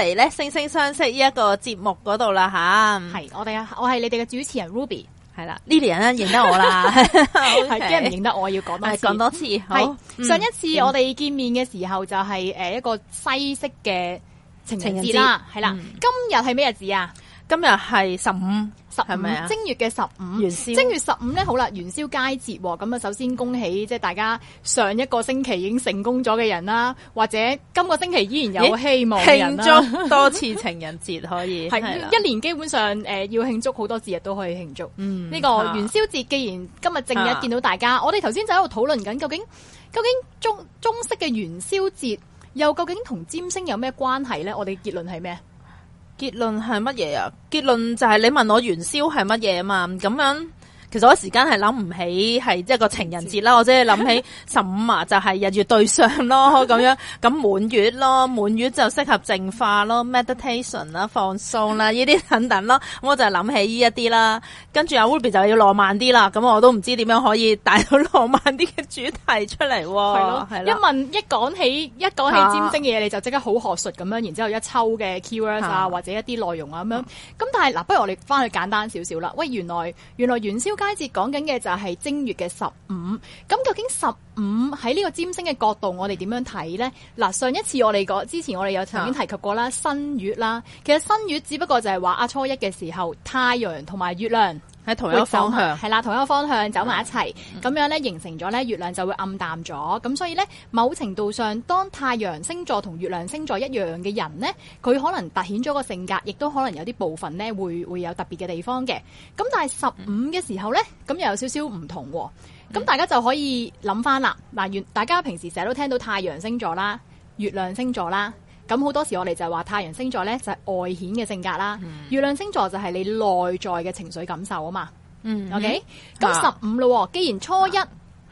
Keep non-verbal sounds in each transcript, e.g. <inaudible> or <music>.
嚟咧，星聲相析呢一個節目嗰度啦，吓，係我哋，我係你哋嘅主持人 Ruby，係啦，Lily 啊，了認得我啦，係驚唔認得我，要講多次，講多次，係是、嗯、上一次我哋見面嘅時候就係、是、誒、呃、一個西式嘅情人節啦，係啦，了嗯、今日係咩日子啊？今日係十五，十五，係咪正月嘅十五，元宵，正月十五咧，是的 好啦，元宵佳節，咁啊，首先恭喜即係大家上一個星期已經成功咗嘅人啦，或者今個星期依然有希望嘅人啦，慶祝多次情人節可以，係 <laughs> 一年基本上誒、呃、要慶祝好多節日都可以慶祝。嗯，呢個元宵節既然今日正日見到大家，是的 我哋頭先就喺度討論緊，究竟究竟中中式嘅元宵節又究竟同占星有咩關係咧？我哋結論係咩？結論係乜嘢啊？結論就係你問我元宵係乜嘢啊嘛，咁樣。其實我一時間係諗唔起，係即係個情人節啦。是的我只係諗起十五啊， <laughs> 就係日月對相咯，咁 <laughs> 樣咁滿月咯，滿月就適合淨化咯 <laughs> ，meditation 啦、放鬆啦呢啲等等咯。咁我就係諗起呢一啲啦。跟住阿 Ruby 就要浪漫啲啦。咁我都唔知點樣可以帶到浪漫啲嘅主題出嚟喎。係咯，係啦。一問一講起一講起占星嘢，啊、你就即刻好學術咁樣，然之後一抽嘅 keywords 啊，啊或者一啲內容啊咁樣。咁、啊、但係嗱，不如我哋返去簡單少少啦。喂，原來原來元宵，佳節講緊嘅就係正月嘅十五，咁究竟十五喺呢個占星嘅角度，我哋點樣睇呢？嗱，上一次我哋講，之前我哋有曾經提及過啦，新月啦，其實新月只不過就係話啊初一嘅時候，太陽同埋月亮。喺同一個方向係啦，同一個方向走埋一齊，咁、嗯嗯、樣咧形成咗咧月亮就會暗淡咗。咁所以咧，某程度上，當太陽星座同月亮星座一樣嘅人咧，佢可能凸顯咗個性格，亦都可能有啲部分咧會會有特別嘅地方嘅。咁但係十五嘅時候咧，咁、嗯、又有少少唔同、啊。咁、嗯、大家就可以諗翻啦。嗱，大家平時成日都聽到太陽星座啦，月亮星座啦。咁好多時我哋就係話太陽星座咧就係外顯嘅性格啦，嗯、月亮星座就係你內在嘅情緒感受啊嘛、嗯 okay? 嗯。嗯，OK，咁十五咯，嗯、既然初一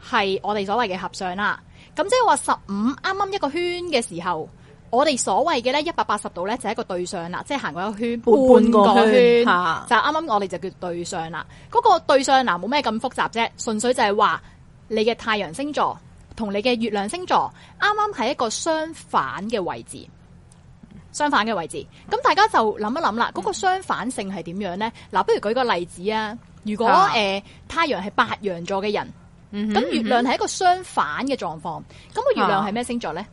係我哋所謂嘅合相啦，咁即係話十五啱啱一個圈嘅時候，我哋所謂嘅咧一百八十度咧就係一個對相啦，即係行過一個圈半個圈，個圈啊、就啱啱我哋就叫對相啦。嗰，那個對相嗱冇咩咁複雜啫，純粹就係話你嘅太陽星座同你嘅月亮星座啱啱係一個相反嘅位置。相反嘅位置，咁大家就諗一諗啦，嗰、那個相反性係點樣呢？嗱、嗯，不如舉個例子啊，如果誒、啊呃、太陽係白羊座嘅人，咁、嗯、哼月亮係一個相反嘅狀況，咁個、嗯、哼月亮係咩星座呢？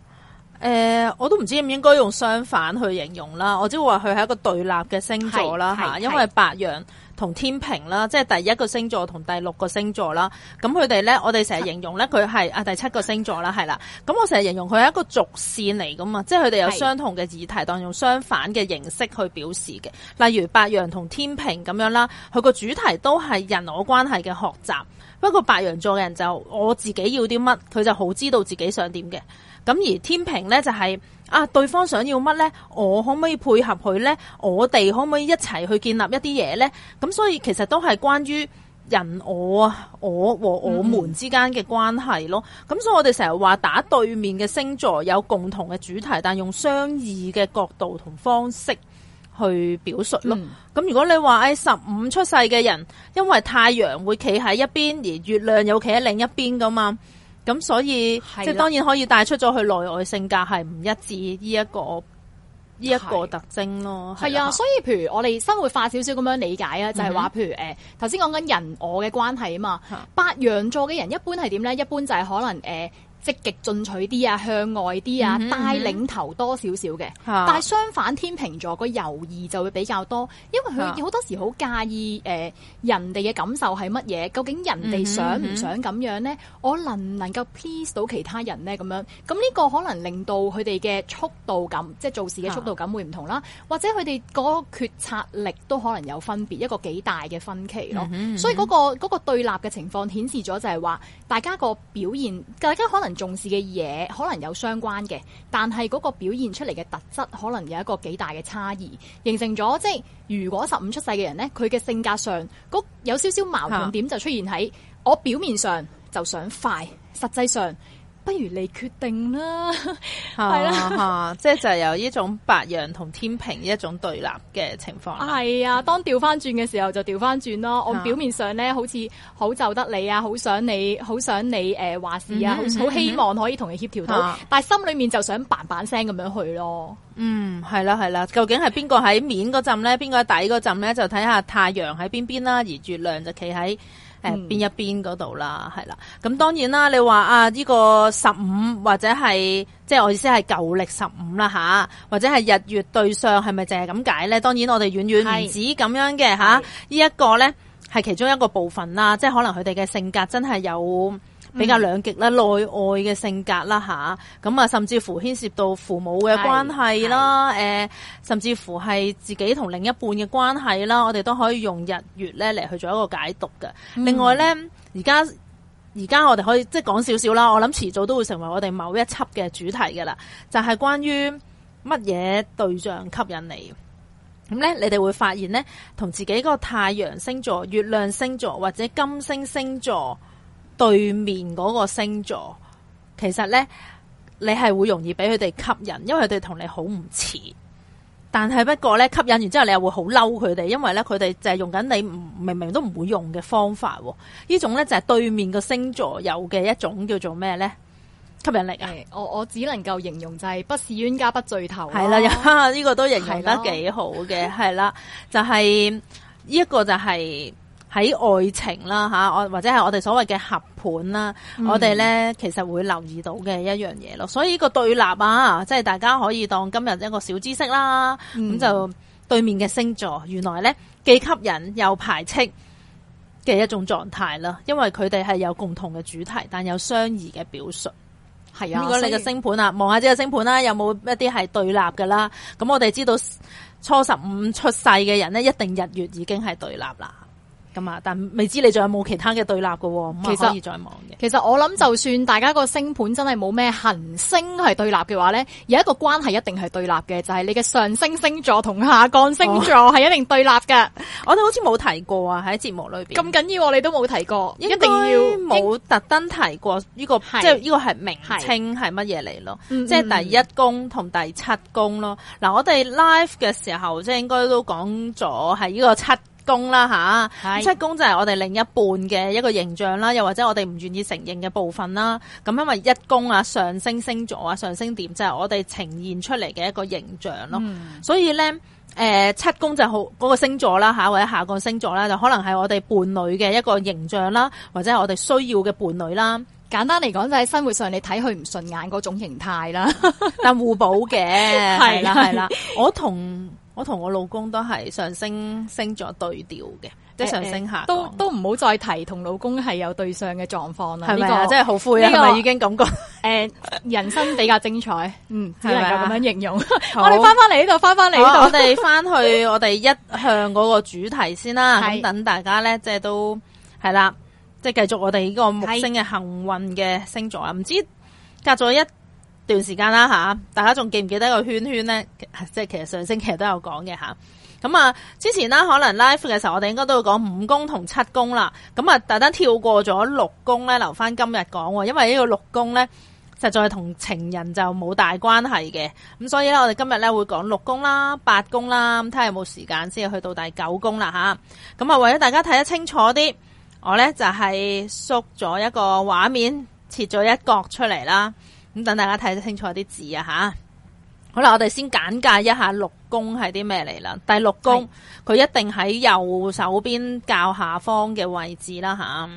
誒、啊呃，我都唔知道應唔應該用相反去形容啦，我只會話佢係一個對立嘅星座啦吓，是是因為是白羊。是是同天平啦，即係第一個星座同第六個星座啦。咁佢哋呢，我哋成日形容呢，佢係啊第七個星座啦，係啦。咁我成日形容佢係一個軸線嚟噶嘛，即係佢哋有相同嘅議題，當用相反嘅形式去表示嘅。例如白羊同天平咁樣啦，佢個主題都係人我關係嘅學習。不過白羊座嘅人就我自己要啲乜，佢就好知道自己想點嘅。咁而天平呢，就係、是。啊！對方想要乜呢？我可唔可以配合佢呢？我哋可唔可以一齊去建立一啲嘢呢？咁所以其實都係關於人我啊，我和我們之間嘅關係咯。咁、嗯、所以我哋成日話打對面嘅星座有共同嘅主題，但用相異嘅角度同方式去表述咯。咁、嗯、如果你話喺十五出世嘅人，因為太陽會企喺一邊，而月亮又企喺另一邊噶嘛？咁所以的即係當然可以帶出咗佢內外性格係唔一致呢、這、一個呢一的個特徵咯。係啊，所以譬如我哋生活化少少咁樣理解啊，嗯、哼就係話譬如誒頭先講緊人我嘅關係啊嘛。的白羊座嘅人一般係點咧？一般就係可能誒。呃積極進取啲啊，向外啲啊，mm hmm, 帶領頭多少少嘅。Mm hmm. 但相反，天秤座個猶豫就會比較多，因為佢好多時好介意、呃、人哋嘅感受係乜嘢，究竟人哋想唔想咁樣呢？Mm hmm. 我能唔能夠 please 到其他人呢？咁樣咁呢個可能令到佢哋嘅速度感，即係做事嘅速度感會唔同啦。Mm hmm. 或者佢哋嗰個決策力都可能有分別，一個幾大嘅分歧咯。Mm hmm, mm hmm. 所以嗰個嗰個對立嘅情況顯示咗就係話，大家個表現，大家可能，重視嘅嘢可能有相關嘅，但係嗰個表現出嚟嘅特質可能有一個幾大嘅差異，形成咗即係如果十五出世嘅人呢，佢嘅性格上嗰有少少矛盾點就出現喺我表面上就想快，實際上。不如你決定啦，係啦，即係就係有呢種白羊同天平一種對立嘅情況。係啊，當調翻轉嘅時候就調翻轉咯。 <laughs> 我表面上咧好似好就得你啊，好想你，好想你誒、呃、話事啊，好、嗯、哼希望可以同你協調到，嗯、哼但係心裡面就想 bang bang 聲咁樣去咯。 <laughs> 嗯，係啦，係啦。究竟係邊個喺面嗰陣咧？邊個喺底嗰陣咧？就睇下太陽喺邊邊啦，而月亮就企喺。邊、呃、一邊嗰度啦，係、嗯、啦，咁當然啦，你話啊呢、這個十五，或者係即係我意思係舊曆十五啦吓，或者係日月對相係咪淨係咁解咧？當然我哋遠遠唔止咁樣嘅吓，呢一個咧係其中一個部分啦，即係可能佢哋嘅性格真係有比較兩極啦，嗯、內外嘅性格啦吓，咁啊，甚至乎牽涉到父母嘅關係啦，誒、呃，甚至乎係自己同另一半嘅關係啦，我哋都可以用日月咧嚟去做一個解讀嘅。嗯、另外呢，而家而家我哋可以即係講少少啦，我諗遲早都會成為我哋某一輯嘅主題噶啦，就係、是、關於乜嘢對象吸引你？咁咧，你哋會發現呢，同自己個太陽星座、月亮星座或者金星星座，對面嗰個星座，其實呢，你係會容易俾佢哋吸引，因為佢哋同你好唔似。但係不過呢，呢吸引完之後，你又會好嬲佢哋，因為呢，佢哋就係用緊你唔明明都唔會用嘅方法。呢種呢，就係、是、對面個星座有嘅一種叫做咩呢？吸引力啊！我我只能夠形容就係不是冤家不聚頭。係啦，呢、這個都形容得幾好嘅，係啦了，就係呢一個就係、是。喺愛情啦吓，我或者係我哋所謂嘅合盤啦，嗯、我哋咧其實會留意到嘅一樣嘢咯。所以這個對立啊，即係大家可以當今日一個小知識啦。咁、嗯、就對面嘅星座，原來咧既吸引又排斥嘅一種狀態啦。因為佢哋係有共同嘅主題，但有相異嘅表述。係啊，咁講，如果你嘅星盤啊，望下呢個星盤啦，有冇一啲係對立噶啦？咁我哋知道初十五出世嘅人咧，一定日月已經係對立啦。咁啊，但未知你仲有冇其他嘅對立嘅，其啊實可以再望嘅。其實我諗，就算大家個星盤真係冇咩行星係對立嘅話咧，有一個關係一定係對立嘅，就係、是、你嘅上升星座同下降星座係一定對立嘅。哦、 <laughs> 我哋好似冇提過啊，喺節目裏邊咁緊要，你都冇提過，應該冇該特登提過呢、這個，即係呢個係名稱係乜嘢嚟咯？即係第一宮同第七宮咯。嗱、啊，我哋 live 嘅時候即係應該都講咗係呢個七。宮啦吓，七宮就係我哋另一半嘅一個形象啦，又或者我哋唔願意承認嘅部分啦。咁因為一宮啊，上升星座啊，上升點，就係、是、我哋呈現出嚟嘅一個形象咯。嗯、所以呢，誒，七宮就好嗰個星座啦吓，或者下個星座啦，就可能係我哋伴侶嘅一個形象啦，或者係我哋需要嘅伴侶啦。簡單嚟講，就係生活上你睇佢唔順眼嗰種形態啦，但互補嘅係啦係啦，我同。我同我老公都係上升星座對調嘅，即係上升下、欸欸，都都唔好再提同老公係有對象嘅狀況啦，係咪、呢個、真係好灰啊！呢、呢個是不是已經咁講，誒、欸，人生比較精彩， <laughs> 嗯，只能夠咁樣形容。是是好我哋翻翻嚟呢度，翻翻嚟呢度，我哋翻去我哋一向嗰個主題先啦，咁等 <laughs> 大家咧，即係都係啦，即係繼續我哋呢個木星嘅幸運嘅星座啊！唔是知道隔咗一。段時間啦嚇，大家仲記唔記得一個圈圈呢？即係其實上星期都有講嘅嚇。咁啊，之前啦，可能 live 嘅時候，我哋應該都會講五宮同七宮啦。咁啊，特登跳過咗六宮呢，留翻今日講。因為呢個六宮呢，實在同情人就冇大關係嘅。咁所以呢，我哋今日呢會講六宮啦、八宮啦。咁睇下有冇時間先去到第九宮啦吓，咁啊，為咗大家睇得清楚啲，我呢就係縮咗一個畫面，切咗一角出嚟啦。咁等大家睇得清楚啲字啊！吓，好啦，我哋先簡介一下六宮係啲咩嚟啦。第六宮佢是一定喺右手邊較下方嘅位置啦，吓、啊。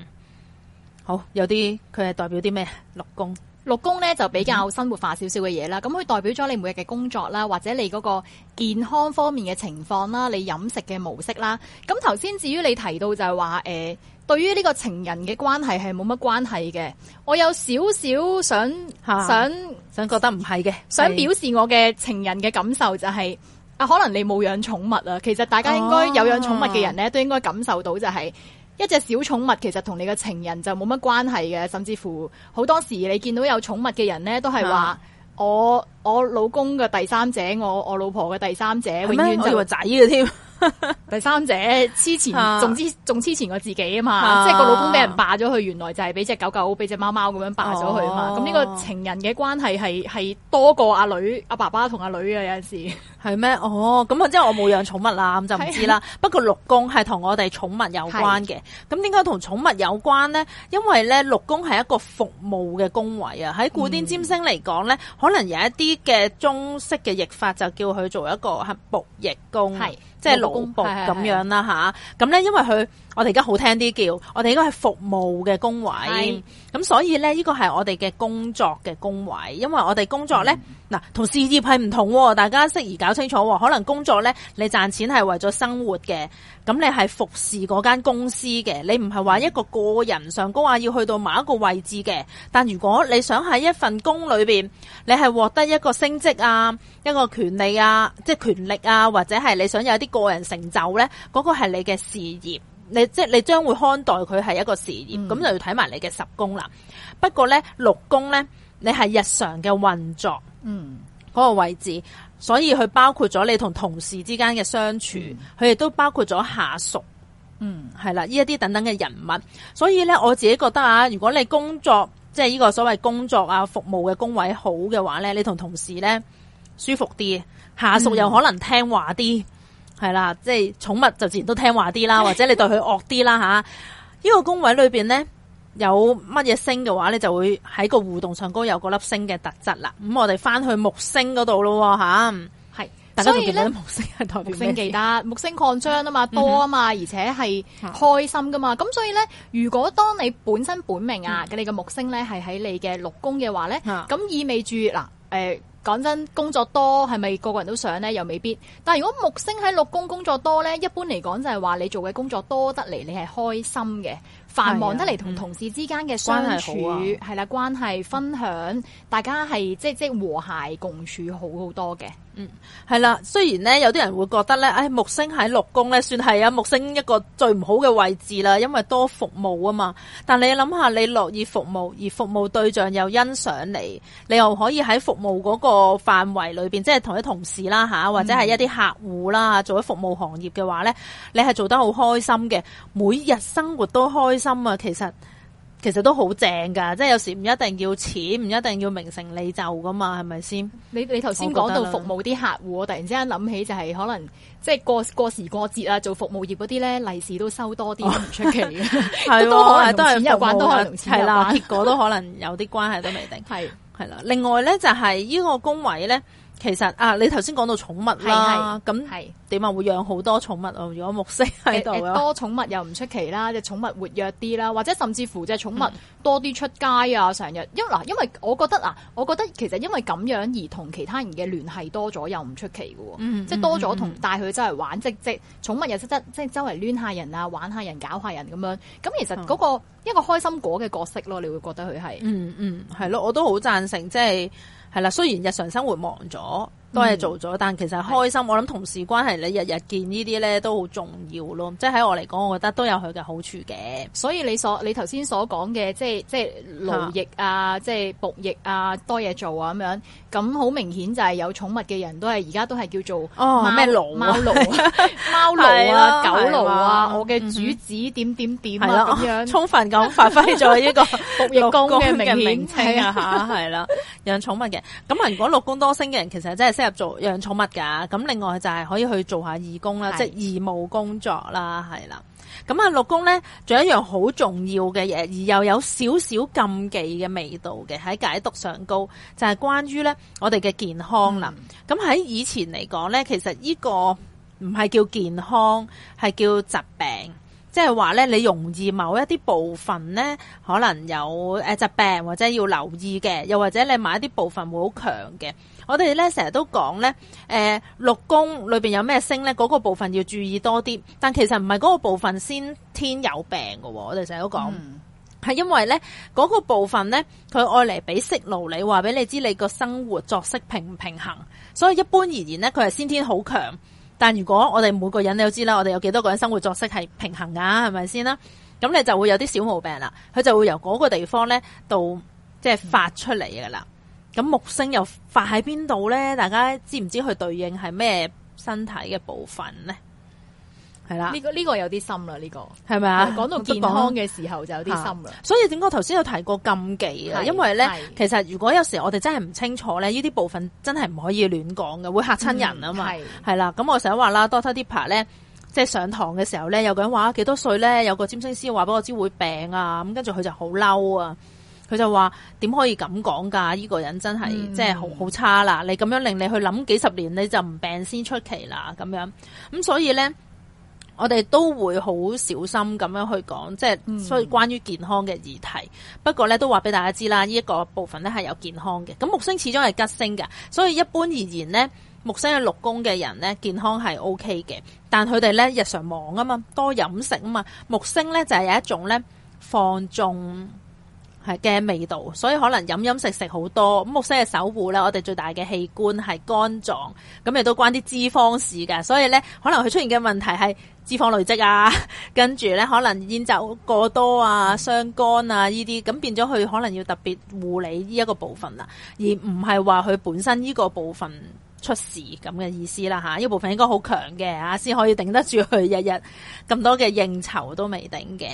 好，有啲佢係代表啲咩？六宮六宮呢就比較生活化少少嘅嘢啦。咁佢、嗯、代表咗你每日嘅工作啦，或者你嗰個健康方面嘅情況啦，你飲食嘅模式啦。咁頭先至於你提到就係話誒。呃對於呢個情人嘅關係係冇乜關係嘅，我有少少想的想想覺得唔係嘅，想表示我嘅情人嘅感受就係、是、的啊，可能你冇養寵物啊，其實大家應該有養寵物嘅人咧都應該感受到就係、是哦、一隻小寵物其實同你嘅情人就冇乜關係嘅，甚至乎好多時你見到有寵物嘅人咧都係話的我。我老公嘅第三者，我我老婆嘅第三者，永遠就個仔嘅添。第三者痴纏，仲黐仲黐纏過自己啊嘛！即係個老公俾人霸咗，佢原來就係俾隻狗狗、俾隻貓貓咁樣霸咗佢啊嘛！咁呢個情人嘅關係係係多過阿女阿爸爸同阿女啊！有陣時係咩？哦，咁啊，即係我冇養寵物啦，咁就唔知啦。不過六宮係同我哋寵物有關嘅。咁點解同寵物有關咧？因為咧六宮係一個服務嘅宮位啊！喺古典占星嚟講咧，可能有一啲。啲嘅中式嘅譯法就叫佢做一個係僕役宮。即係勞工部咁樣啦吓，咁咧因為佢我哋而家好聽啲叫，我哋應該係服務嘅工位。咁是是 所以咧呢個係我哋嘅工作嘅工位，因為我哋工作咧嗱，同事業係唔同，大家適宜搞清楚。可能工作咧你賺錢係為咗生活嘅，咁你係服侍嗰間公司嘅，你唔係話一個個人上高啊，要去到某一個位置嘅。但如果你想喺一份工裏邊，你係獲得一個升職啊，一個權利啊，即係權力啊，或者係你想有一啲。個人成就呢嗰、嗰個係你嘅事業，你即係你將會看待佢係一個事業，咁、嗯、就要睇埋你嘅十宮啦。不過呢，六宮呢，你係日常嘅運作，嗯，嗰個位置，所以佢包括咗你同同事之間嘅相處，佢、嗯、亦都包括咗下屬，嗯，係啦，呢一啲等等嘅人物。所以呢，我自己覺得啊，如果你工作即係呢個所謂工作啊，服務嘅宮位好嘅話呢，你同同事呢，舒服啲，下屬又可能聽話啲。嗯係啦，即係寵物就自然都聽話啲啦，或者你對佢惡啲啦吓。呢、 <laughs> 啊這個宮位裏邊咧有乜嘢星嘅話，咧就會喺個互動上高有個粒星嘅特質啦。咁、啊、我哋翻去木星嗰度咯吓，係、啊。所以咧木星係代表咩？木星記得木星擴張啊嘛，多啊嘛，嗯、哼而且係開心㗎嘛。咁、嗯、哼所以咧，如果當你本身本命啊嘅、嗯、你嘅木星咧係喺你嘅六宮嘅話咧，咁、啊、意味住嗱誒。啊呃講真，工作多係咪個個人都想呢？又未必。但係如果木星喺六宮工作多呢，一般嚟講就係話你做嘅工作多得嚟，你係開心嘅，繁忙得嚟，同同事之間嘅相處係啦、啊嗯啊，關係分享，大家係即係即係和諧共處好，好好多嘅。嗯，係啦。雖然咧，有啲人會覺得咧，唉、哎，木星喺六宮咧，算係啊木星一個最唔好嘅位置啦，因為多服務啊嘛。但你諗下，你樂意服務，而服務對象又欣賞你，你又可以喺服務嗰個範圍裏邊，即係同啲同事啦吓，或者係一啲客戶啦，做咗服務行業嘅話咧，你係做得好開心嘅，每日生活都開心啊！其實。其實都好正噶，即係有時唔一定要錢，唔一定要名成利就噶嘛，係咪先？你你頭先講到服務啲客戶，我，我突然之間諗起就係可能即係過過時過節啊，做服務業嗰啲咧利是都收多啲，唔、哦、出奇嘅，係 <laughs> 都可能都係有關，啊、都可能係啦，啊、結果都可能有啲關係都未定，係係啦。另外咧就係、是、呢個宮位咧。其實啊，你頭先講到寵物係，咁點啊會養好多寵物哦？如果木星喺度啊，多寵物又唔出奇啦，隻寵物活躍啲啦，或者甚至乎隻寵物多啲出街啊，成日、嗯，因為嗱，因為我覺得我覺得其實因為咁樣而同其他人嘅聯繫多咗又唔出奇喎。嗯、即係多咗同帶佢周圍玩，嗯嗯嗯、即即寵物又識得即係周圍亂下人啊，玩下人，搞下人咁樣，咁其實嗰、嗰個、嗯、一個開心果嘅角色咯，你會覺得佢係、嗯，嗯嗯，係咯，我都好贊成即係。係啦，雖然日常生活忙咗，多嘢做咗，嗯、但其實開心。的我諗同事關係，你日日見呢啲咧，都好重要咯。即係喺我嚟講，我覺得都有佢嘅好處嘅。所以你所你頭先所講嘅，即係即係勞役啊，的即係僕役啊，多嘢做啊，咁樣。咁好明顯就係有寵物嘅人都係，而家都係叫做哦，咩奴貓奴貓奴啊、狗奴啊、我嘅主子點點點啊，咁樣啊充分咁發揮咗呢個六宮嘅名稱。啊，吓，係啦，養寵物嘅。咁如果六宮多星嘅人其實真係適合做養寵物噶。咁另外就係可以去做下義工啦，即係義務工作啦係啦。咁啊，六宮咧，仲有一樣好重要嘅嘢，而又有少少禁忌嘅味道嘅喺解讀上高，就係、是、關於咧我哋嘅健康啦。咁喺、嗯、以前嚟講咧，其實呢個唔係叫健康，係叫疾病，即係話咧你容易某一啲部分咧可能有誒疾病或者要留意嘅，又或者你某一啲部分會好強嘅。我哋咧成日都講咧，誒、呃，六宮裏邊有咩星咧？嗰、那個部分要注意多啲。但其實唔係嗰個部分先天有病噶、哦，我哋成日都講，係、嗯、因為咧嗰、那個部分咧，佢愛嚟俾色路，你話俾你知你個生活作息平唔平衡。所以一般而言咧，佢係先天好強。但如果我哋每個人你都知啦，我哋有幾多個人生活作息係平衡噶，係咪先啦？咁你就會有啲小毛病啦，佢就會由嗰個地方咧到即係、就是、發出嚟噶啦。嗯嗯。咁木星又發喺邊度咧？大家知唔知佢對應係咩身體嘅部分咧？係啦，呢個呢個有啲深啦，呢個係咪啊？講到健康嘅時候就有啲深啦。所以點解我頭先有提過禁忌啊？因為咧，其實如果有時我哋真係唔清楚咧，呢啲部分真係唔可以亂講嘅，會嚇親人啊嘛。係啦，咁我想話啦，Doctor Dipper 咧，即係上堂嘅時候咧，有個人話幾多歲咧，有個占星師話俾我知會病啊，咁跟住佢就好嬲啊。佢就話點可以咁講㗎？呢、這個人真係即係好好差啦！你咁樣令你去諗幾十年，你就唔病先出奇啦咁樣。咁、嗯、所以呢，我哋都會好小心咁樣去講，即係所以關於健康嘅議題。嗯、不過呢都話俾大家知啦，呢、這、一個部分呢係有健康嘅。咁木星始終係吉星㗎。所以一般而言呢，木星係六宮嘅人呢，健康係 O K 嘅。但佢哋呢，日常忙啊嘛，多飲食啊嘛，木星呢，就係、是、有一種呢，放縱，嘅味道，所以可能飲飲食食好多。咁，木星係守護咧，我哋最大嘅器官係肝臟，咁亦都關啲脂肪事嘅。所以咧，可能佢出現嘅問題係脂肪累積啊，跟住咧可能煙酒過多啊，傷肝啊呢啲，咁變咗佢可能要特別護理呢一個部分啦，而唔係話佢本身呢個部分出事咁嘅意思啦吓，呢個部分應該好強嘅嚇，先可以頂得住佢日日咁多嘅應酬都未頂嘅。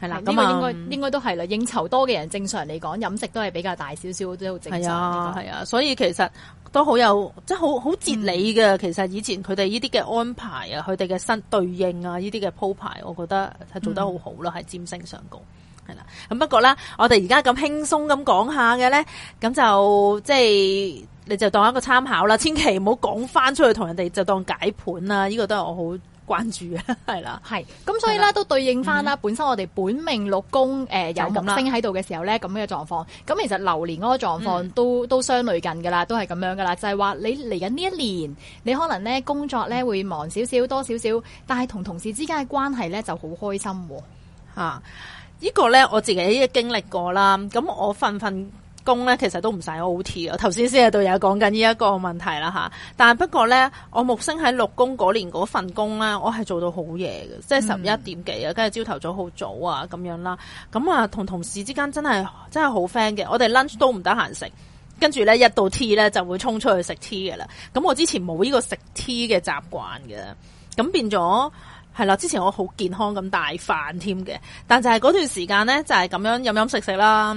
係啦，咁啊麼，應該都係啦。應酬多嘅人，正常嚟講，飲食都係比較大少少，都好正常。係啊的，所以其實都好有，即係好好哲理嘅。嗯、其實以前佢哋呢啲嘅安排啊，佢哋嘅新對應啊，呢啲嘅鋪排，我覺得係做得好好啦，係占星上高。係啦，咁不過啦，我哋而家咁輕鬆咁講下嘅咧，咁就即係你就當一個參考啦。千祈唔好講翻出去同人哋，就當解盤啦。呢、呢個都係我好關注啊，係啦，係，咁所以咧的都對應翻啦，嗯、本身我哋本命六宮誒、呃、有木星喺度嘅時候咧，咁嘅狀況，咁其實流年嗰個狀況都、嗯、都相類近噶啦，都係咁樣噶啦，就係、是、話你嚟緊呢一年，你可能咧工作咧會忙少少，嗯、多少少，但係同同事之間嘅關係咧就好開心，吓、啊，呢、這個咧我自己經歷過啦，咁我份份。工咧，其實都唔使 O T 嘅。頭先先係導演講緊呢一個問題啦嚇，但係不過咧，我木星喺六宮嗰年嗰份工咧，我係做到好夜嘅，即係十一點幾啊，跟住朝頭早好早啊咁樣啦。咁啊，同同事之間真係真係好 friend 嘅。我哋 lunch 都唔得閒食，跟住咧一到 tea 咧就會衝出去食 tea 嘅啦。咁我之前冇呢個食 tea 嘅習慣嘅，咁變咗係啦。之前我好健康咁帶飯添嘅，但就係嗰段時間咧，就係、是、咁樣飲飲食食啦。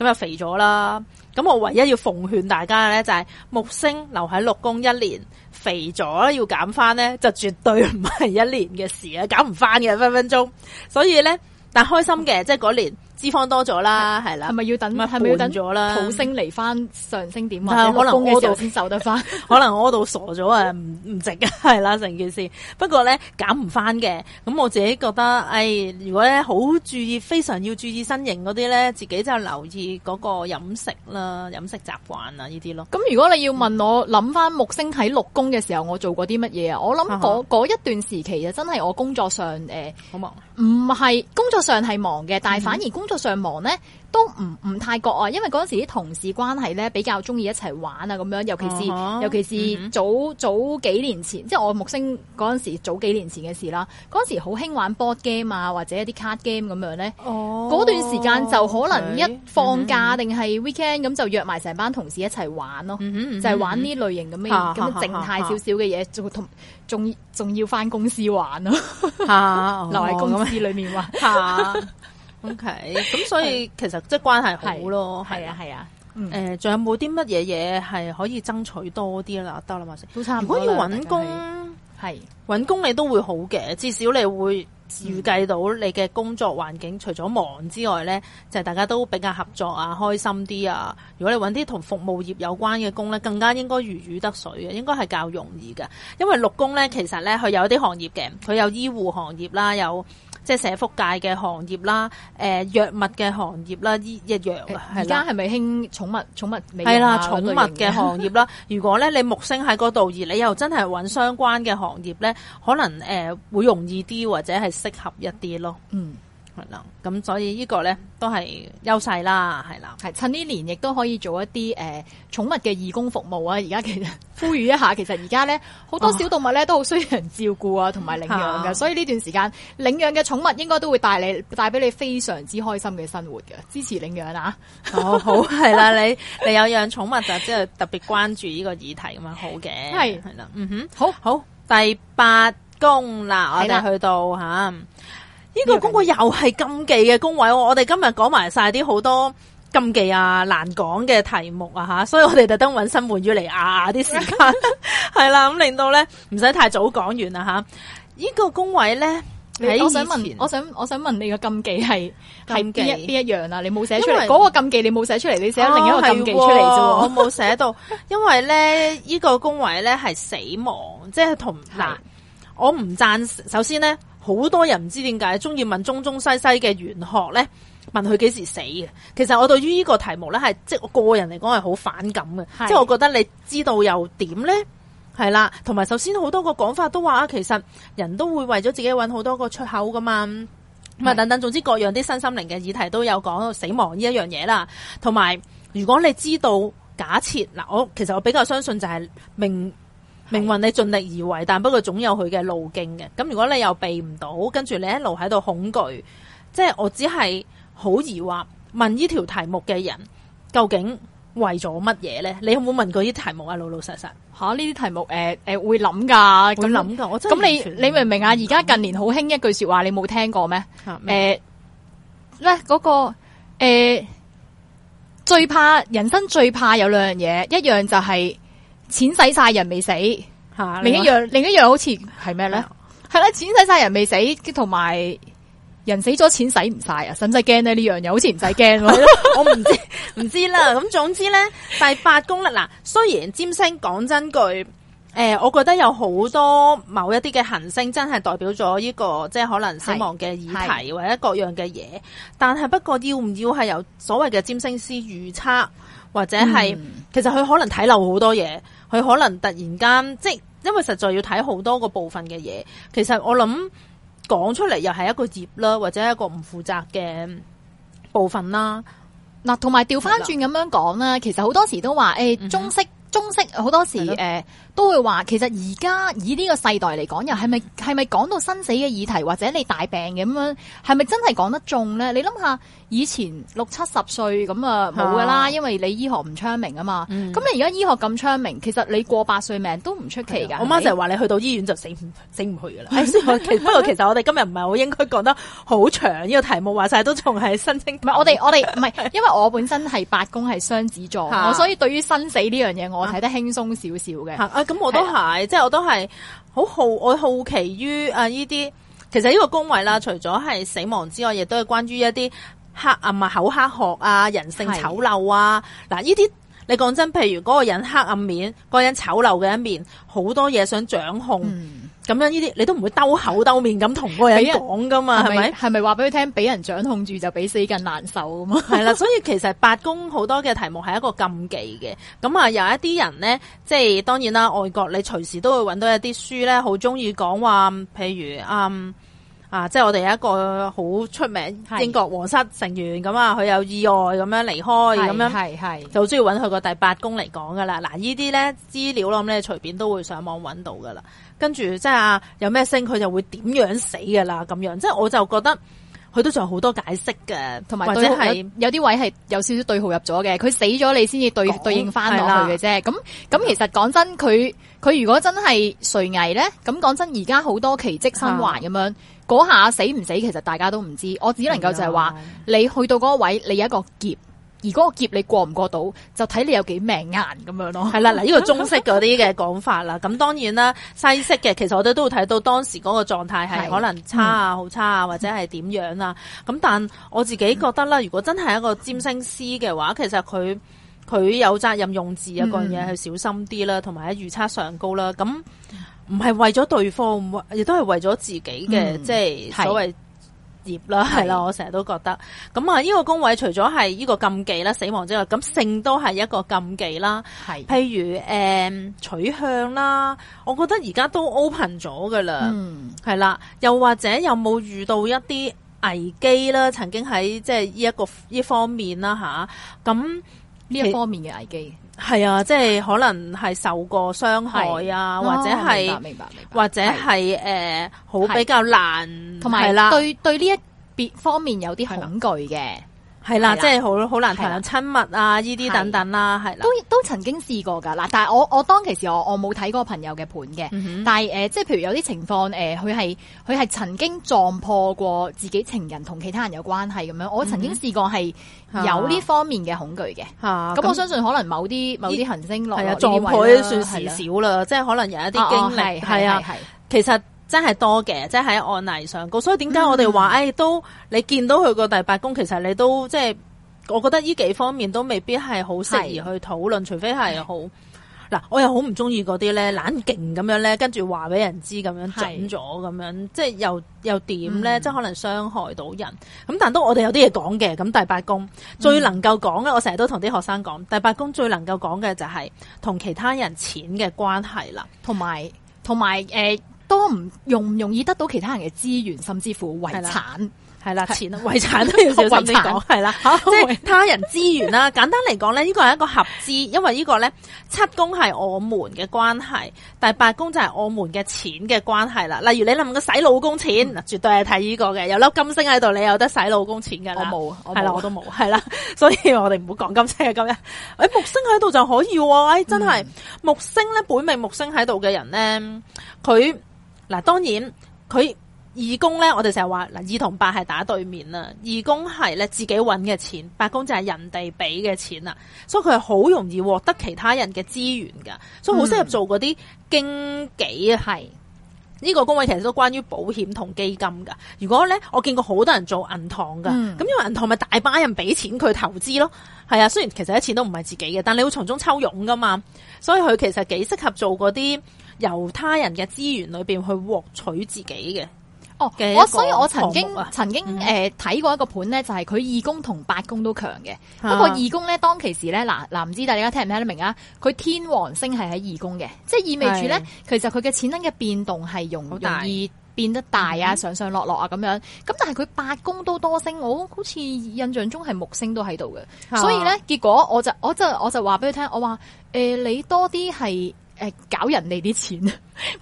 咁就肥咗啦！咁我唯一要奉勸大家嘅呢，就係木星留喺六宮一年肥咗，要減翻呢，就絕對唔係一年嘅事啊，減唔翻嘅分分鐘。所以呢，但開心嘅即係嗰年。脂肪多咗啦，係啦，係咪要等？係咪是要等咗啦？土星嚟翻上升點話，是可能屙到先受得翻。 <laughs> 可能我到傻咗啊，唔唔 <laughs> 值嘅，係啦，成件事。不過咧減唔翻嘅，咁我自己覺得，誒、哎，如果咧好注意，非常要注意身形嗰啲咧，自己就留意嗰個飲食啦，飲食習慣啊呢啲咯。咁如果你要問我，諗翻、嗯、木星喺六宮嘅時候，我做過啲乜嘢啊？ <laughs> 我諗嗰一段時期就真係我工作上、呃、好忙，唔係工作上係忙嘅，但係反而工作、嗯上網咧都唔唔太覺啊，因為嗰陣時啲同事關係咧比較中意一齊玩啊，咁樣，尤其是尤其是早早幾年前，即係我木星嗰陣時早幾年前嘅事啦。嗰陣時好興玩 board game 啊，或者一啲 card game 咁樣咧。哦，嗰段時間就可能一放假定係 weekend 咁就約埋成班同事一齊玩咯，就係玩呢類型咁樣咁靜態少少嘅嘢，就同仲仲要翻公司玩咯，留喺公司裏面玩。O K，咁所以 <laughs> 是其實即係關係好咯，係啊係啊，誒、啊，仲、嗯呃、有冇啲乜嘢嘢係可以爭取多啲啦？得啦嘛，先。如果要搵工，係搵工你都會好嘅，至少你會預計到你嘅工作環境、嗯、除咗忙之外咧，就是、大家都比較合作啊，開心啲啊。如果你搵啲同服務業有關嘅工咧，更加應該如魚得水嘅，應該係較容易嘅。因為六宮咧，其實咧佢有啲行業嘅，佢有醫護行業啦，有。即係社福界嘅行業啦，誒、呃、藥物嘅行業啦，依一樣而家係咪興寵物？寵物美容係啦，寵物嘅行業啦。 <laughs> 如果咧你木星喺嗰度，而你又真係揾相關嘅行業咧，可能誒、呃、會容易啲，或者係適合一啲咯。嗯。係啦，咁所以呢個咧都係優勢啦，係啦，係趁呢年亦都可以做一啲誒寵物嘅義工服務啊！而家其實呼籲一下， <laughs> 其實而家咧好多小動物咧都好需要人照顧啊，同埋、哦、領養嘅，的所以呢段時間領養嘅寵物應該都會帶你帶俾你非常之開心嘅生活嘅，支持領養啊！ <laughs> 哦、好好係啦，你你有養寵物就即係特別關注呢個議題咁樣，好嘅，係係啦，嗯哼，好好，好第八宮啦，的我哋去到吓。啊呢個宮位又係禁忌嘅宮位，我哋今日講埋晒啲好多禁忌啊難講嘅題目啊吓，所以我哋特登揾新換宇嚟壓啲時間，係啦， <laughs> <laughs> 咁令到咧唔使太早講完啦吓。呢、這個宮位咧，我想問，我想我想問你嘅禁忌係係幾邊一樣啊？你冇寫出嚟，嗰為個禁忌你冇寫出嚟，你寫另一個禁忌出嚟啫，啊、 <laughs> 我冇寫到，因為咧呢、這個宮位咧係死亡，即、就、係、是、同嗱是，我唔贊，首先咧。好多人唔知點解中意問中中西西嘅玄學咧，問佢幾時死嘅？其實我對於呢個題目咧，係即係我個人嚟講係好反感嘅，是即係我覺得你知道又點咧？係啦，同埋首先好多個講法都話啊，其實人都會為咗自己搵好多個出口噶嘛，咁啊是等等，總之各樣啲身心靈嘅議題都有講死亡呢一樣嘢啦。同埋如果你知道假設嗱，我其實我比較相信就係明。命運你盡力而為，但不過總有佢嘅路徑嘅。咁如果你又避唔到，跟住你一路喺度恐懼，即係我只係好疑惑，問呢條題目嘅人究竟為咗乜嘢咧？你有冇問過啲題目啊？老老實實吓呢啲題目，誒誒會諗噶，會諗噶。我真係咁你你明唔明啊？而家近年好興一句說話，你冇聽過咩？誒咩嗰個誒、呃、最怕人生最怕有兩樣嘢，一樣就係。錢使晒人未死，吓吧另一樣白另一樣好似係咩咧？係啦的，錢使晒人未死，同埋人死咗錢使唔晒啊！使唔使驚呢？呢樣嘢好似唔使驚， <laughs> 我唔知唔 <laughs> 知啦。咁總之咧，第八宮啦，嗱， <laughs> 雖然占星講真句，誒、呃，我覺得有好多某一啲嘅行星真係代表咗呢、這個即係、就是、可能死亡嘅議題或者各樣嘅嘢，是的但係不過要唔要係由所謂嘅占星師預測或者係，嗯、其實佢可能睇漏好多嘢。佢可能突然間，即因為實在要睇好多個部分嘅嘢。其實我諗講出嚟又係一個業啦，或者一個唔負責嘅部分啦。嗱，同埋調返轉咁樣講啦，的其實好多時都話誒、欸、中式，嗯、哼中式好多時誒。的都會話，其實而家以呢個世代嚟講，又係咪係咪講到生死嘅議題，或者你大病嘅咁樣，係咪真係講得中咧？你諗下，以前六七十歲咁啊，冇噶啦，因為你醫學唔昌明啊嘛。咁你而家醫學咁昌明，其實你過百歲命都唔出奇噶。我媽就係話你去到醫院就死唔死唔去噶啦。不過其實我哋今日唔係好應該講得好長呢個題目，話晒都仲係新星。唔係我哋我哋唔係，因為我本身係八宮，係雙子座，所以對於生死呢樣嘢我睇得輕鬆少少嘅。咁我都係，即係、啊、我都係好好我好奇於啊呢啲，其實呢個宮位啦，除咗係死亡之外，亦都係關於一啲黑暗啊、口黑學啊、人性醜陋啊，嗱呢啲你講真，譬如嗰個人黑暗面，嗰人醜陋嘅一面，好多嘢，想掌控。嗯咁樣呢啲你都唔會兜口兜面咁同嗰個人講噶嘛，係咪給？係咪話俾佢聽俾人掌控住就比死更難受咁嘛？係啦， <laughs> 所以其實八宮好多嘅題目係一個禁忌嘅。咁啊，有一啲人咧，即係當然啦，外國你隨時都會揾到一啲書咧，好中意講話，譬如、嗯啊，即係我哋有一個好出名英國皇室成員，咁啊佢有意外咁樣離開，咁是樣係係就好中意揾佢個第八宮嚟講噶啦。嗱、啊，呢啲咧資料咧隨便都會上網揾到噶啦。跟住即係啊，有咩星佢就會點樣死噶啦咁樣。即係我就覺得。佢都仲有好多解釋嘅，同埋對有啲位係有少少對號入咗嘅。佢死咗，你先至對對應翻落去嘅啫。咁咁的其實講真，佢佢如果真係垂危咧，咁講真，而家好多奇蹟生還咁樣，嗰的下死唔死，其實大家都唔知。我只能夠就係話，的你去到嗰位，你有一個劫。如果個劫你過唔過到，就睇你有幾命硬咁樣咯。係啦，嗱，呢個中式嗰啲嘅講法啦。咁當然啦，西式嘅其實我哋都會睇到當時嗰個狀態係可能差啊、好的差啊，嗯、或者係點樣啊。咁但我自己覺得啦，嗯、如果真係一個占星師嘅話，其實佢佢有責任用字啊，嗰樣嘢係小心啲啦，同埋喺預測上高啦。咁唔係為咗對方，亦都係為咗自己嘅，嗯、即係所謂，業啦，係啦，的我成日都覺得。咁啊，呢個宮位除咗係呢個禁忌啦、死亡之外，咁性都係一個禁忌啦。係的，譬如誒、呃、取向啦，我覺得而家都 open 咗噶啦，係啦、嗯。又或者有冇遇到一啲危機啦？曾經喺即係呢一個呢方面啦，吓、啊、咁。呢一方面嘅危機，係啊，即係可能係受過傷害啊，是或者係、哦，明白明白、明白或者係誒，好是、呃、比較難，同埋對對呢一方面有啲恐懼嘅。係啦，即係好好難朋友親密啊！呢啲等等啦，啦，都都曾經試過㗎嗱。但係我我當其時我我冇睇過朋友嘅盤嘅，但係即係譬如有啲情況佢係佢係曾經撞破過自己情人同其他人有關係咁樣。我曾經試過係有呢方面嘅恐懼嘅。咁我相信可能某啲某啲行星落撞破都算事小啦，即係可能有一啲經歷係啊其實。真係多嘅，即係喺案例上高，所以點解我哋話誒都你見到佢個第八宮，其實你都即係，我覺得呢幾方面都未必係好適宜去討論，的除非係好嗱，我又好唔中意嗰啲咧懶勁咁樣咧，跟住話俾人知咁樣準咗咁的樣，即係又又點咧？嗯、即係可能傷害到人咁，但係都我哋有啲嘢講嘅。咁第八宮、嗯、最能夠講咧，我成日都同啲學生講，第八宮最能夠講嘅就係同其他人錢嘅關係啦，同埋同埋誒。都唔容唔容易得到其他人嘅資源，甚至乎遺產，係啦的，的錢啊，遺的產都要小心講，係啦， <laughs> 即係 <laughs> 他人資源啦。 <laughs> 簡單嚟講咧，呢個係一個合資，因為呢個咧七宮係我們嘅關係，第八宮就係我們嘅錢嘅關係啦。例如你諗個洗老公錢，嗯、絕對係睇呢個嘅，有粒金星喺度，你有得洗老公錢㗎啦，我冇，係啦，我都冇，係啦，所以我哋唔好講金星啊咁樣。誒、哎、木星喺度就可以、啊，喂、哎，真係、嗯、木星咧，本命木星喺度嘅人咧，佢。嗱，當然佢二宮咧，我哋成日話嗱，二同八係打對面啦。二宮係咧自己揾嘅錢，八宮就係人哋俾嘅錢啦。所以佢係好容易獲得其他人嘅資源噶，所以好適合做嗰啲經紀係。呢、嗯呢個宮位其實都關於保險同基金噶。如果咧，我見過好多人做銀行噶，咁因為銀行咪大把人俾錢佢投資咯。係啊，雖然其實啲錢都唔係自己嘅，但你會從中抽傭噶嘛。所以佢其實幾適合做嗰啲。由他人嘅資源裏邊去獲取自己嘅，哦，我所以我曾經目曾經誒睇、呃、過一個盤咧，嗯、就係佢二宮同八宮都強嘅、啊啊啊，不過二宮咧當其時咧，嗱，嗱唔知大家聽唔聽得明啊？佢天王星係喺二宮嘅，即係意味住咧，是其實佢嘅潛能嘅變動係容易變得大啊，大上上落落啊咁樣。咁、嗯、但係佢八宮都多星，我好似印象中係木星都喺度嘅，啊、所以咧結果我就我就我就話俾佢聽，我話誒、呃、你多啲係。誒，搞人哋啲錢，唔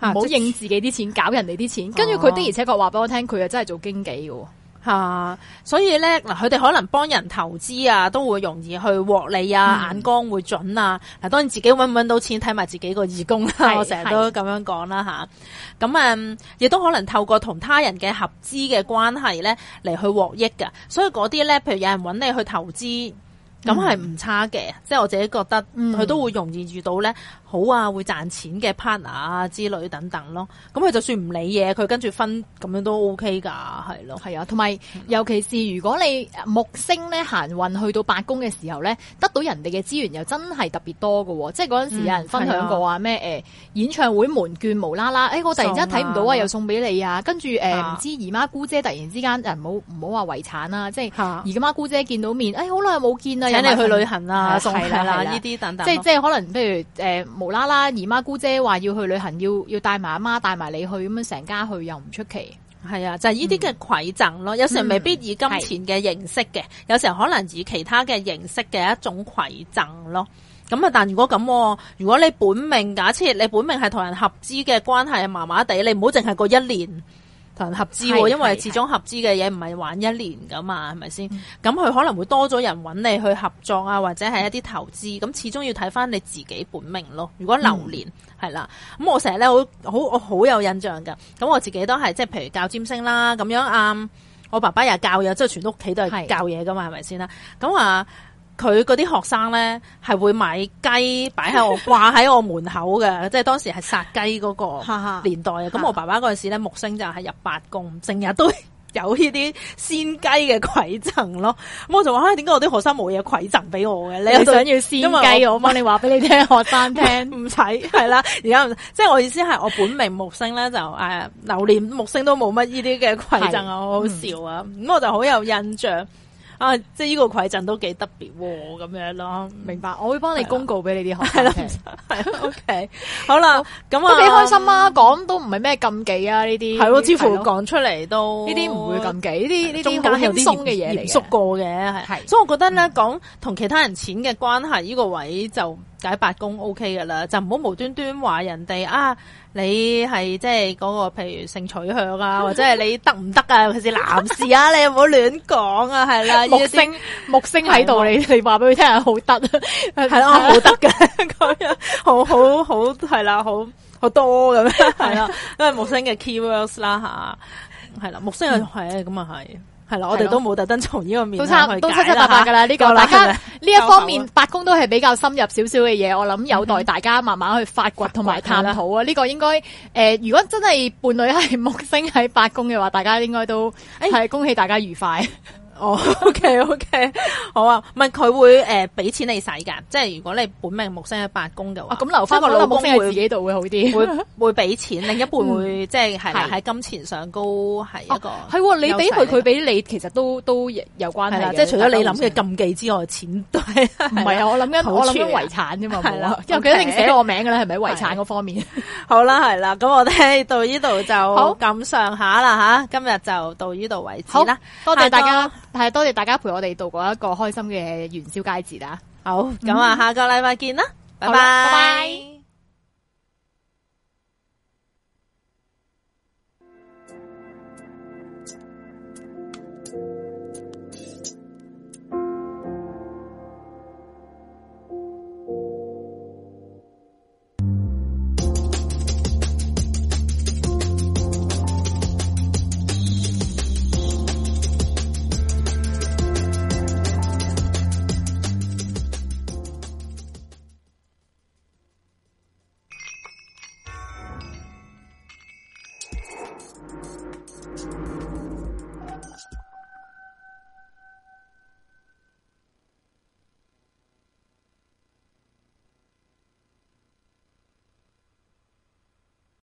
好認自己啲錢，啊、搞人哋啲錢。跟住佢的而且確話俾我聽，佢又真係做經紀嘅，吓、啊。所以咧，嗱，佢哋可能幫人投資啊，都會容易去獲利啊，嗯、眼光會準啊。嗱，當然自己搵唔搵到錢，睇埋、嗯、自己個二宮啦。是 <laughs> 我成日都咁樣講啦，吓是。咁誒、啊，亦、嗯、都可能透過同他人嘅合資嘅關係咧，嚟去獲益㗎。所以嗰啲咧，譬如有人搵你去投資，咁係唔差嘅。嗯、即係我自己覺得，佢都會容易遇到咧。好啊，會賺錢嘅 partner 之類等等咯。咁佢就算唔理嘢，佢跟住分咁樣都 OK 㗎，係咯。係啊，同埋尤其是如果你木星咧行運去到八宮嘅時候咧，得到人哋嘅資源又真係特別多喎。即係嗰陣時有人分享過話咩演唱會門券無啦啦，誒、哎、我突然之間睇唔到啊，又送俾你啊。跟住誒唔知姨媽姑姐突然之間唔好話遺產啦、啊，即係姨媽姑姐見到面，誒好耐冇見啊，請你去旅行啊，人人哎、送下啦呢啲等等即。即係即係可能譬如、呃無啦啦，姨媽姑姐話要去旅行，要要帶埋阿媽帶埋你去，咁樣成家去又唔出奇。係啊，嗯、就係呢啲嘅饋贈咯。有時候未必以金錢嘅形式嘅，嗯、有時候可能以其他嘅形式嘅一種饋贈咯。咁啊，但如果咁，如果你本命假設你本命係同人合資嘅關係，麻麻地，你唔好淨係過一年。合資喎，因為始終合資嘅嘢唔係玩一年噶嘛，係咪先？咁佢、嗯、可能會多咗人揾你去合作啊，或者係一啲投資。咁始終要睇翻你自己本命咯。如果流年係啦，咁、嗯、我成日咧好好我好有印象噶。咁我自己都係即係譬如教占星啦，咁樣啊、嗯，我爸爸又教嘢，即、就、係、是、全屋企都係教嘢噶嘛，係咪先啦？咁啊。佢嗰啲學生咧，係會買雞擺喺我掛喺我門口嘅， <laughs> 即係當時係殺雞嗰個年代啊。咁 <laughs> 我爸爸嗰陣時咧，木星就係入八宮，成日都有呢啲鮮雞嘅饋贈咯。咁我就話：哎、點解我啲學生冇嘢饋贈俾我嘅？你又想你要鮮雞？我幫，我你話俾你聽，學生聽唔使係啦。而家 <laughs> <laughs> 即係我意思係，我本命木星咧，就誒流年木星都冇乜呢啲嘅饋贈啊，是我好笑啊！咁、嗯、我就好有印象。啊！即係呢個饋贈都幾特別咁樣咯，明白？我會幫你公告俾你啲客。係啦，唔使，係 OK 好啦，咁啊，都幾開心啊！講都唔係咩禁忌啊，呢啲係咯，似乎講出嚟，都呢啲唔會禁忌，呢啲呢啲好輕鬆嘅嘢嚟，嚴肅過嘅係。所以我覺得咧，講同其他人錢嘅關係呢個位就。解八宮 OK 噶啦，就唔好無端端話人哋啊，你係即係嗰個譬如性取向啊，或者係你得唔得啊？尤其是男士啊， <laughs> 你唔好亂講啊，係啦。木星木星喺度，你你話俾佢聽係好得，係咯好得嘅，好好好係啦，好好多咁樣係啦，因為木星嘅 key words 啦吓，係啦木星係咁啊係。係啦，我哋都冇特登從呢個面去解釋，都七七八八噶啦。呢、這個了大家呢了一方面，了八宮都係比較深入少少嘅嘢，我諗有待大家慢慢去發掘同埋探討啊。呢個應該，誒、呃，如果真係伴侶係木星喺八宮嘅話，大家應該都係、哎、恭喜大家愉快、哎。哦，OK OK，好啊，唔係佢會誒俾錢你使噶即係如果你本命木星喺八宮嘅話，咁留翻個老公會自己度會好啲，會會俾錢另一半會即係係喺金錢上高係一個係，你俾佢，佢俾你，其實都都有關係，即係除咗你諗嘅禁忌之外，錢唔係啊，我諗緊我諗緊遺產啫嘛，係啊，因為佢一定寫我名嘅咧，係咪遺產嗰方面？好啦，係啦，咁我哋到呢度就好咁上下啦吓，今日就到呢度為止啦，多謝大家。係多謝大家陪我哋度過一個開心嘅元宵佳節啦！好，咁啊、嗯，下個禮拜見啦，拜拜 bye。Bye bye